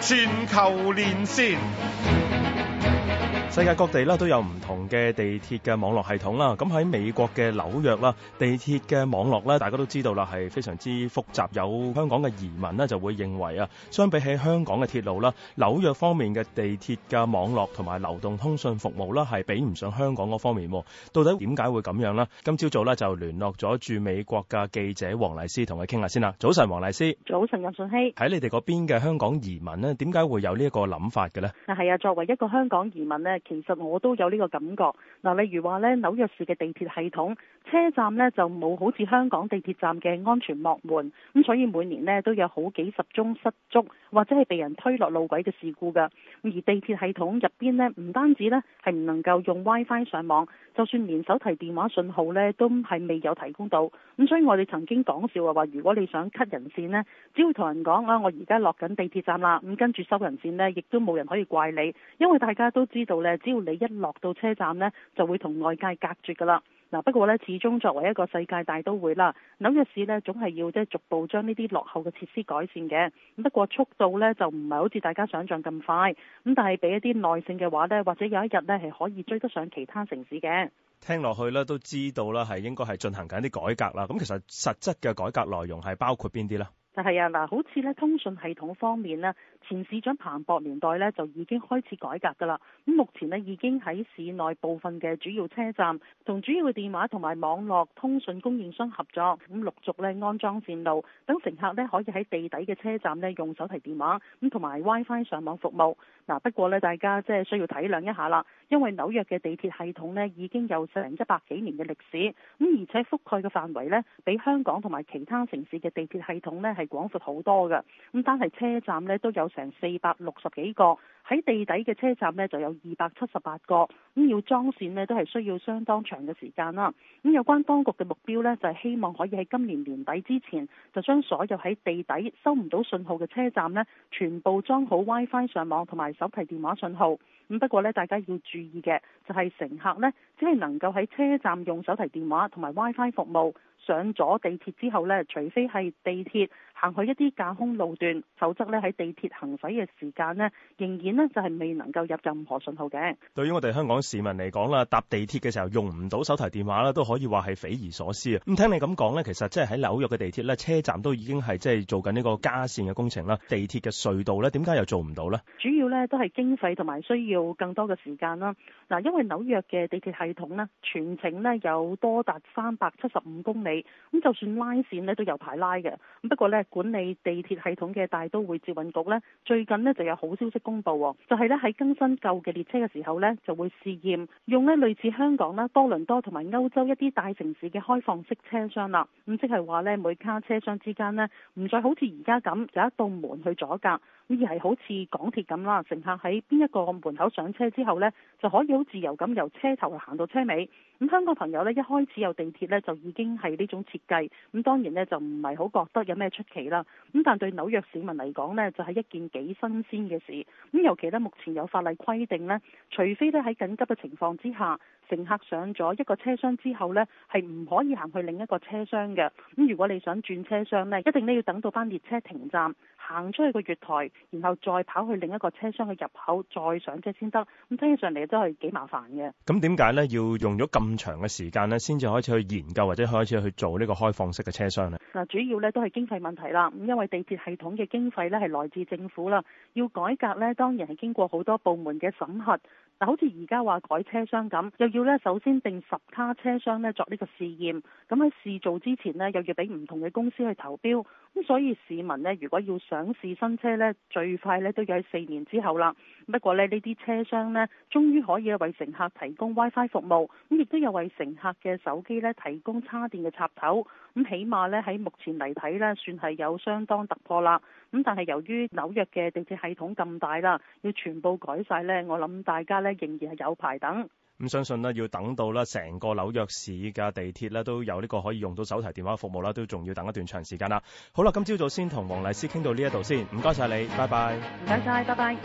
全球連線。世界各地啦都有唔同嘅地鐵嘅網絡系統啦，咁喺美國嘅紐約啦地鐵嘅網絡咧，大家都知道啦，係非常之複雜。有香港嘅移民咧就會認為啊，相比起香港嘅鐵路啦，紐約方面嘅地鐵嘅網絡同埋流動通訊服務啦，係比唔上香港嗰方面。到底點解會咁樣呢？今朝早咧就聯絡咗駐美國嘅記者黃麗施同佢傾下先啦。早晨，黃麗施。早晨，任順熙。喺你哋嗰邊嘅香港移民咧，點解會有呢一個諗法嘅呢？啊係啊，作為一個香港移民咧。其實我都有呢個感覺，嗱，例如話咧紐約市嘅地鐵系統車站呢就冇好似香港地鐵站嘅安全幕門，咁所以每年呢都有好幾十宗失足或者係被人推落路軌嘅事故㗎。而地鐵系統入邊呢唔單止呢係唔能夠用 WiFi 上網，就算連手提電話訊號呢都係未有提供到。咁所以我哋曾經講笑話話，如果你想 cut 人線呢，只要同人講啊，我而家落緊地鐵站啦，咁跟住收人線呢，亦都冇人可以怪你，因為大家都知道呢。只要你一落到車站呢，就會同外界隔絕㗎喇。嗱、啊，不過呢，始終作為一個世界大都會啦，紐約市呢總係要即逐步將呢啲落後嘅設施改善嘅。不過速度呢就唔係好似大家想象咁快。咁但係俾一啲耐性嘅話呢，或者有一日呢係可以追得上其他城市嘅。聽落去咧都知道啦，係應該係進行緊啲改革啦。咁其實實質嘅改革內容係包括邊啲呢？但係啊，嗱，好似咧通訊系統方面咧，前市長彭博年代咧就已經開始改革㗎啦。咁目前咧已經喺市內部分嘅主要車站同主要嘅電話同埋網絡通訊供應商合作，咁陸續咧安裝線路，等乘客咧可以喺地底嘅車站咧用手提電話咁同埋 WiFi 上網服務。嗱，不過咧大家即係需要體諒一下啦，因為紐約嘅地鐵系統咧已經有成一百幾年嘅歷史，咁而且覆蓋嘅範圍咧比香港同埋其他城市嘅地鐵系統咧，係廣闊好多嘅，咁單係車站咧都有成四百六十幾個，喺地底嘅車站咧就有二百七十八個，咁要裝線咧都係需要相當長嘅時間啦。咁有關當局嘅目標呢，就係希望可以喺今年年底之前，就將所有喺地底收唔到信號嘅車站呢，全部裝好 WiFi 上網同埋手提電話信號。咁不過呢，大家要注意嘅就係乘客呢，只係能夠喺車站用手提電話同埋 WiFi 服務。上咗地鐵之後呢，除非係地鐵行去一啲架空路段，否則呢喺地鐵行駛嘅時間呢，仍然呢就係未能夠入，入任何信號嘅。對於我哋香港市民嚟講啦，搭地鐵嘅時候用唔到手提電話啦，都可以話係匪夷所思啊！咁聽你咁講呢，其實即係喺紐約嘅地鐵呢，車站都已經係即係做緊呢個加線嘅工程啦。地鐵嘅隧道呢，點解又做唔到呢？主要呢都係經費同埋需要更多嘅時間啦。嗱，因為紐約嘅地鐵系統呢，全程呢有多達三百七十五公里。咁就算拉線咧都有排拉嘅，咁不過咧管理地鐵系統嘅大都會捷運局咧，最近呢就有好消息公布，就係咧喺更新舊嘅列車嘅時候咧，就會試驗用咧類似香港啦、多倫多同埋歐洲一啲大城市嘅開放式車廂啦，咁即係話咧每卡車廂之間呢，唔再好似而家咁有一道門去阻隔。而係好似港鐵咁啦，乘客喺邊一個門口上車之後呢，就可以好自由咁由車頭行到車尾。咁香港朋友呢，一開始有地鐵呢，就已經係呢種設計。咁當然呢，就唔係好覺得有咩出奇啦。咁但對紐約市民嚟講呢，就係一件幾新鮮嘅事。咁尤其呢，目前有法例規定呢，除非呢喺緊急嘅情況之下，乘客上咗一個車廂之後呢，係唔可以行去另一個車廂嘅。咁如果你想轉車廂呢，一定呢要等到班列車停站。行出去個月台，然後再跑去另一個車廂嘅入口，再上車先得。咁聽起上嚟都係幾麻煩嘅。咁點解呢？要用咗咁長嘅時間呢，先至開始去研究或者開始去做呢個開放式嘅車廂呢？嗱，主要呢都係經費問題啦。咁因為地鐵系統嘅經費呢係來自政府啦，要改革呢，當然係經過好多部門嘅審核。嗱，好似而家話改車廂咁，又要呢首先定十卡車廂呢作呢個試驗。咁喺試做之前呢，又要俾唔同嘅公司去投標。咁所以市民呢，如果要想試新車呢，最快呢都要喺四年之後啦。不過呢，呢啲車廂呢，終於可以為乘客提供 WiFi 服務，咁亦都有為乘客嘅手機呢提供叉電嘅插頭。咁起碼呢，喺目前嚟睇呢，算係有相當突破啦。咁但係由於紐約嘅地鐵系統咁大啦，要全部改晒呢，我諗大家呢，仍然係有排等。咁相信咧，要等到啦，成個紐約市嘅地鐵咧，都有呢個可以用到手提電話服務啦，都仲要等一段長時間啦。好啦，今朝早上先同黃麗施傾到呢一度先，唔該晒，你，拜拜。唔該晒，拜拜。